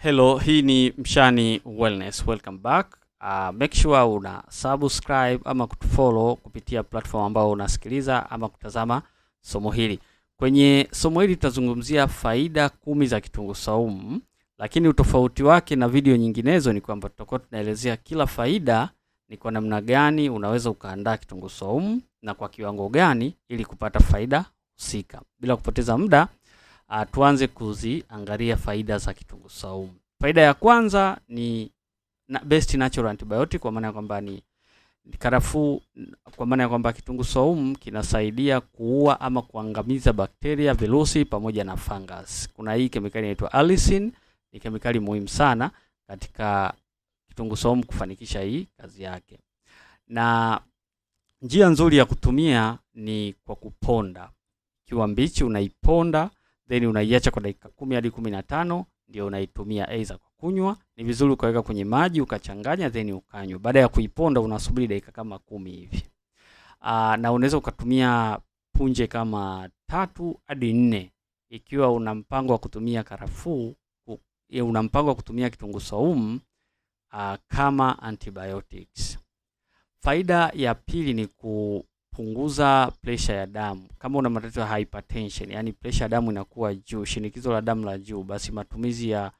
Hello, hii ni Mshani Wellness. Welcome back. Uh, make sure una subscribe ama kutufollow kupitia platform ambayo unasikiliza ama kutazama somo hili. Kwenye somo hili tutazungumzia faida kumi za kitunguu saumu, lakini utofauti wake na video nyinginezo ni kwamba tutakuwa tunaelezea kila faida ni kwa namna gani unaweza ukaandaa kitunguu saumu na kwa kiwango gani ili kupata faida husika. Bila kupoteza muda uh, tuanze kuziangalia faida za kitunguu saumu. Faida ya kwanza ni na best natural antibiotic kwa maana ya kwamba ni karafuu, kwa maana ya kwamba kitunguu saumu kinasaidia kuua ama kuangamiza bakteria, virusi pamoja na fungus. Kuna hii kemikali inaitwa allicin, ni kemikali muhimu sana katika kitunguu saumu kufanikisha hii kazi yake. Na njia nzuri ya kutumia ni kwa kuponda. Ikiwa mbichi unaiponda then unaiacha kwa dakika kumi hadi kumi na tano ndio unaitumia aidha kwa kunywa. Ni vizuri ukaweka kwenye maji ukachanganya, then ukanywa. Baada ya kuiponda unasubiri dakika kama kumi hivi. Ah, na unaweza ukatumia punje kama tatu hadi nne ikiwa una mpango wa kutumia karafuu, una mpango wa kutumia kitunguu saumu ah, kama antibiotics. Faida ya pili ni ku kupunguza pressure ya damu. Kama una matatizo ya hypertension, yani pressure ya damu inakuwa juu, shinikizo la damu la juu, basi matumizi ya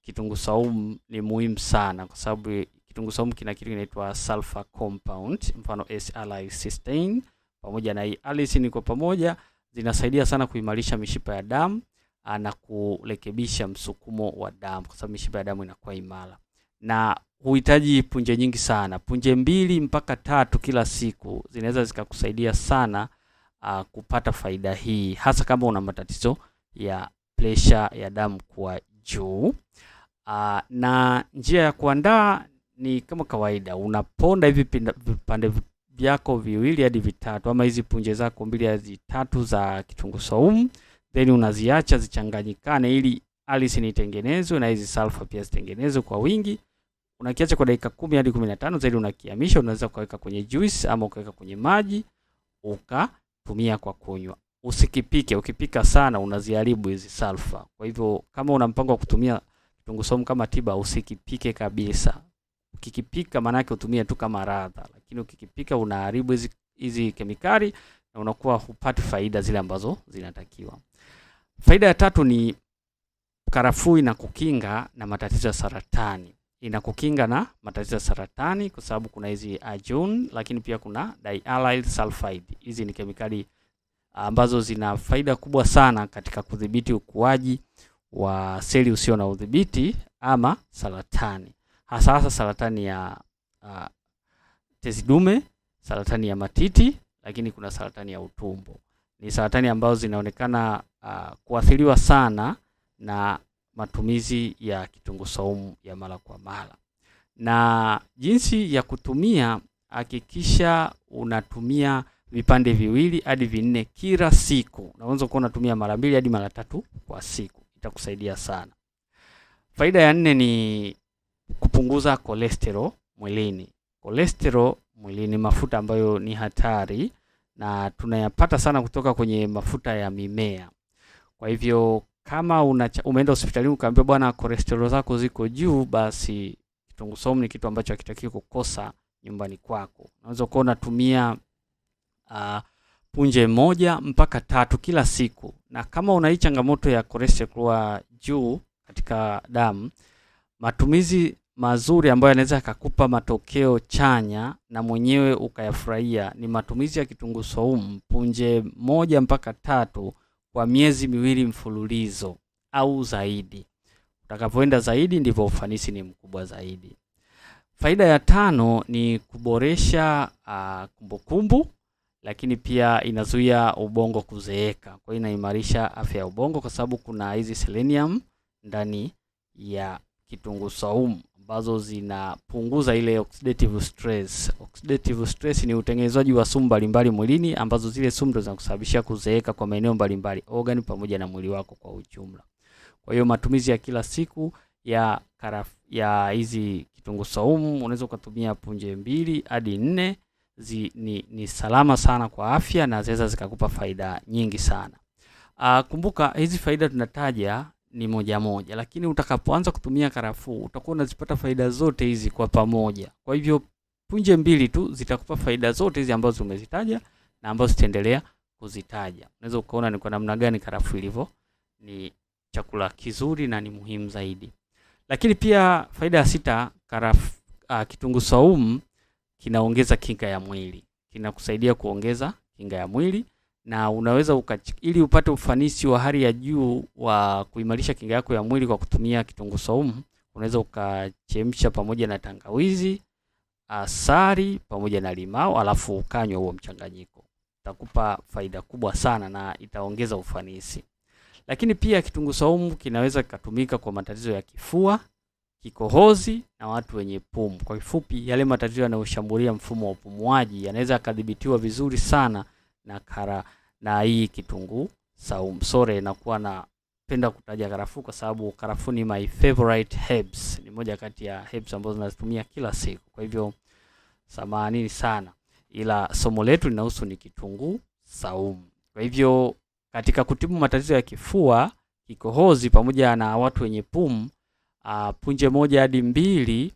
kitunguu saumu ni muhimu sana, kwa sababu kitunguu saumu kina kitu kinaitwa sulfur compound, mfano SLI cysteine pamoja na hii allicin, kwa pamoja zinasaidia sana kuimarisha mishipa ya damu ah, na kurekebisha msukumo wa damu, kwa sababu mishipa ya damu inakuwa imara na huhitaji punje nyingi sana. Punje mbili mpaka tatu kila siku zinaweza zikakusaidia sana uh, kupata faida hii, hasa kama una matatizo ya presha ya damu kuwa juu. Uh, na njia ya kuandaa ni kama kawaida, unaponda hivi vipande vyako viwili hadi vitatu, ama hizi punje zako mbili hadi tatu za kitunguu saumu, then unaziacha zichanganyikane ili alisi nitengenezwe na hizi sulfa pia zitengenezwe kwa wingi unakiacha kwa dakika kumi hadi kumi na tano zaidi, unakiamisha, Unaweza ukaweka kwenye juice ama ukaweka kwenye maji ukatumia kwa kunywa. Usikipike, ukipika sana unaziharibu hizi sulfa. Kwa hivyo kama una mpango wa kutumia kitunguu saumu kama tiba, usikipike kabisa. Ukikipika maana yake utumie tu kama radha, lakini ukikipika unaharibu hizi hizi kemikali na unakuwa hupati faida zile ambazo zinatakiwa. Faida ya tatu ni karafuu na kukinga na matatizo ya saratani inakukinga na matatizo ya saratani, kwa sababu kuna hizi ajun, lakini pia kuna dialyl sulfide. Hizi ni kemikali ah, ambazo zina faida kubwa sana katika kudhibiti ukuaji wa seli usio na udhibiti ama saratani, hasa hasa saratani ya uh, tezi dume, saratani ya matiti, lakini kuna saratani ya utumbo. Ni saratani ambazo zinaonekana uh, kuathiriwa sana na matumizi ya kitunguu saumu ya mara kwa mara. Na jinsi ya kutumia, hakikisha unatumia vipande viwili hadi vinne kila siku. Unaweza kuwa unatumia mara mbili hadi mara tatu kwa siku, itakusaidia sana. Faida ya nne ni kupunguza kolesterol mwilini. Kolesterol mwilini, mafuta ambayo ni hatari na tunayapata sana kutoka kwenye mafuta ya mimea. Kwa hivyo kama umeenda hospitalini ukaambiwa bwana, kolesterol zako ziko juu, basi kitunguu saumu ni kitu ambacho hakitakiwi kukosa nyumbani kwako. Unaweza kuwa unatumia uh, punje moja mpaka tatu kila siku, na kama una hii changamoto ya kolesterol kuwa juu katika damu, matumizi mazuri ambayo yanaweza yakakupa matokeo chanya na mwenyewe ukayafurahia ni matumizi ya kitunguu saumu punje moja mpaka tatu kwa miezi miwili mfululizo au zaidi. Utakapoenda zaidi ndivyo ufanisi ni mkubwa zaidi. Faida ya tano ni kuboresha ah, kumbukumbu uh, lakini pia inazuia ubongo kuzeeka. Kwa hiyo inaimarisha afya ya ubongo kwa sababu kuna hizi selenium ndani ya kitunguu saumu ambazo zinapunguza ile oxidative stress. Oxidative stress ni utengenezaji wa sumu mbalimbali mwilini ambazo zile sumu ndo zinakusababishia kuzeeka kwa maeneo mbalimbali, organ pamoja na mwili wako kwa ujumla. Kwa hiyo matumizi ya kila siku ya karaf, ya hizi kitunguu saumu unaweza ukatumia punje mbili hadi nne zi, ni, ni salama sana kwa afya na zinaweza zikakupa faida nyingi sana. Uh, kumbuka hizi faida tunataja ni moja moja, lakini utakapoanza kutumia karafuu utakuwa unazipata faida zote hizi kwa pamoja. Kwa hivyo punje mbili tu zitakupa faida zote hizi ambazo umezitaja na ambazo zitaendelea kuzitaja. Unaweza ukaona ni kwa namna gani karafuu ilivyo ni chakula kizuri na ni muhimu zaidi. Lakini pia faida ya sita, karaf, uh, ah, kitungu saumu kinaongeza kinga ya mwili, kinakusaidia kuongeza kinga ya mwili na unaweza uka, ili upate ufanisi wa hali ya juu wa kuimarisha kinga yako ya mwili kwa kutumia kitunguu saumu, unaweza ukachemsha pamoja na tangawizi, asali ah, pamoja na limao, alafu ukanywa huo mchanganyiko, itakupa faida kubwa sana na itaongeza ufanisi. Lakini pia kitunguu saumu kinaweza kikatumika kwa matatizo ya kifua, kikohozi na watu wenye pumu. Kwa kifupi, yale matatizo yanayoshambulia mfumo wa upumuaji yanaweza yakadhibitiwa vizuri sana na kara, na hii kitunguu saumu. Sore inakuwa na penda kutaja karafuu kwa sababu karafuu ni my favorite herbs, ni moja kati ya herbs ambazo nazitumia kila siku. Kwa hivyo samahanini sana, ila somo letu linahusu ni kitunguu saumu. Kwa hivyo katika kutibu matatizo ya kifua, kikohozi pamoja na watu wenye pumu, ah, punje moja hadi mbili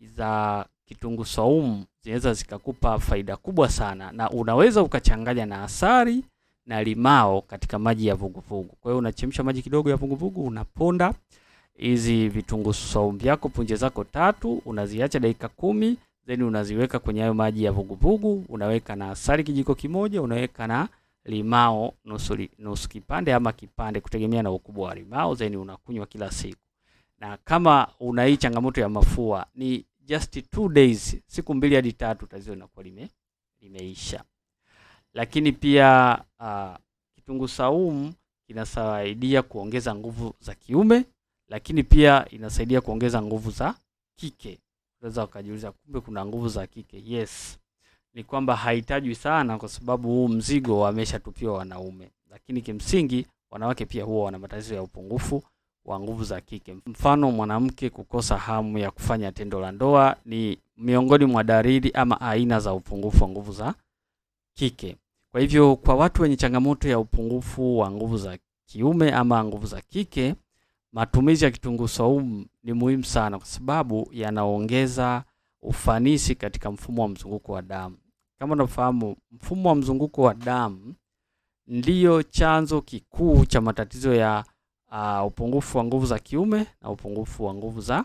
za kitunguu saumu zinaweza zikakupa faida kubwa sana, na unaweza ukachanganya na asali na limao katika maji ya vuguvugu. Kwa hiyo unachemsha maji kidogo ya vuguvugu, unaponda hizi vitunguu saumu vyako punje zako tatu, unaziacha dakika kumi, then unaziweka kwenye hayo maji ya vuguvugu, unaweka na asali kijiko kimoja, unaweka na limao nusu nusu kipande ama kipande kutegemea na ukubwa wa limao, then unakunywa kila siku. Na kama una hii changamoto ya mafua, ni just two days, siku mbili hadi tatu utaziona kwa lime, limeisha. Lakini pia uh, kitunguu saumu inasaidia kuongeza nguvu za kiume, lakini pia inasaidia kuongeza nguvu za kike. Unaweza ukajiuliza kumbe kuna nguvu za kike? Yes, ni kwamba hahitaji sana, kwa sababu huu mzigo wameshatupiwa wanaume, lakini kimsingi wanawake pia huwa wana matatizo ya upungufu wa nguvu za kike. Mfano, mwanamke kukosa hamu ya kufanya tendo la ndoa ni miongoni mwa dalili ama aina za upungufu wa nguvu za kike. Kwa hivyo, kwa watu wenye changamoto ya upungufu wa nguvu za kiume ama nguvu za kike, matumizi ya kitunguu saumu ni muhimu sana, kwa sababu yanaongeza ufanisi katika mfumo wa mzunguko wa damu. Kama unafahamu, mfumo wa mzunguko wa damu ndiyo chanzo kikuu cha matatizo ya uh, upungufu wa nguvu za kiume na upungufu wa nguvu za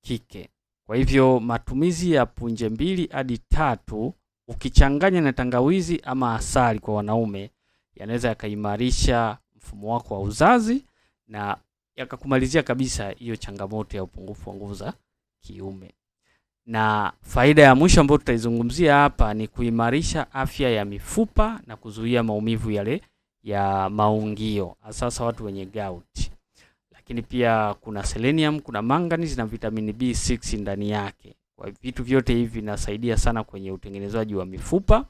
kike. Kwa hivyo matumizi ya punje mbili hadi tatu ukichanganya na tangawizi ama asali kwa wanaume yanaweza yakaimarisha mfumo wako wa uzazi na yakakumalizia kabisa hiyo changamoto ya upungufu wa nguvu za kiume. Na faida ya mwisho ambayo tutaizungumzia hapa ni kuimarisha afya ya mifupa na kuzuia maumivu yale ya maungio, asasa watu wenye gout. Lakini pia kuna selenium, kuna manganese na vitamini B6 ndani yake. Kwa vitu vyote hivi vinasaidia sana kwenye utengenezaji wa mifupa,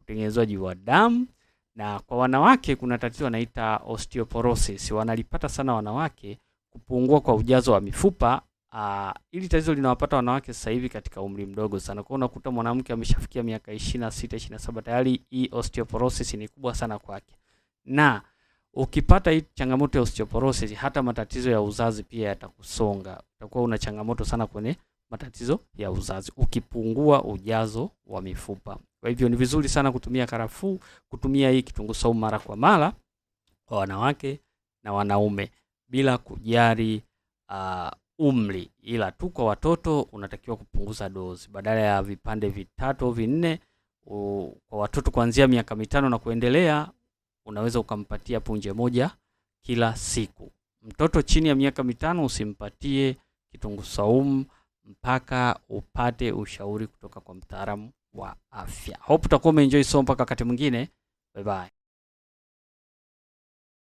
utengenezaji wa damu na kwa wanawake kuna tatizo wanaita osteoporosis, wanalipata sana wanawake, kupungua kwa ujazo wa mifupa. Uh, ili tatizo linawapata wanawake sasa hivi katika umri mdogo sana. Kwa unakuta mwanamke ameshafikia miaka 26, 27 tayari hii osteoporosis ni kubwa sana kwake na ukipata hii changamoto ya osteoporosis, hata matatizo ya uzazi pia yatakusonga. Utakuwa una changamoto sana kwenye matatizo ya uzazi ukipungua ujazo wa mifupa. Kwa hivyo ni vizuri sana kutumia karafuu, kutumia hii kitunguu saumu mara kwa mara kwa wanawake na wanaume bila kujali uh, umri, ila tu kwa watoto unatakiwa kupunguza dozi badala ya vipande vitatu au vinne. Kwa watoto kuanzia miaka mitano na kuendelea unaweza ukampatia punje moja kila siku. Mtoto chini ya miaka mitano usimpatie kitunguu saumu mpaka upate ushauri kutoka kwa mtaalamu wa afya. Hope utakuwa umeenjoy somo mpaka wakati mwingine. Bye bye.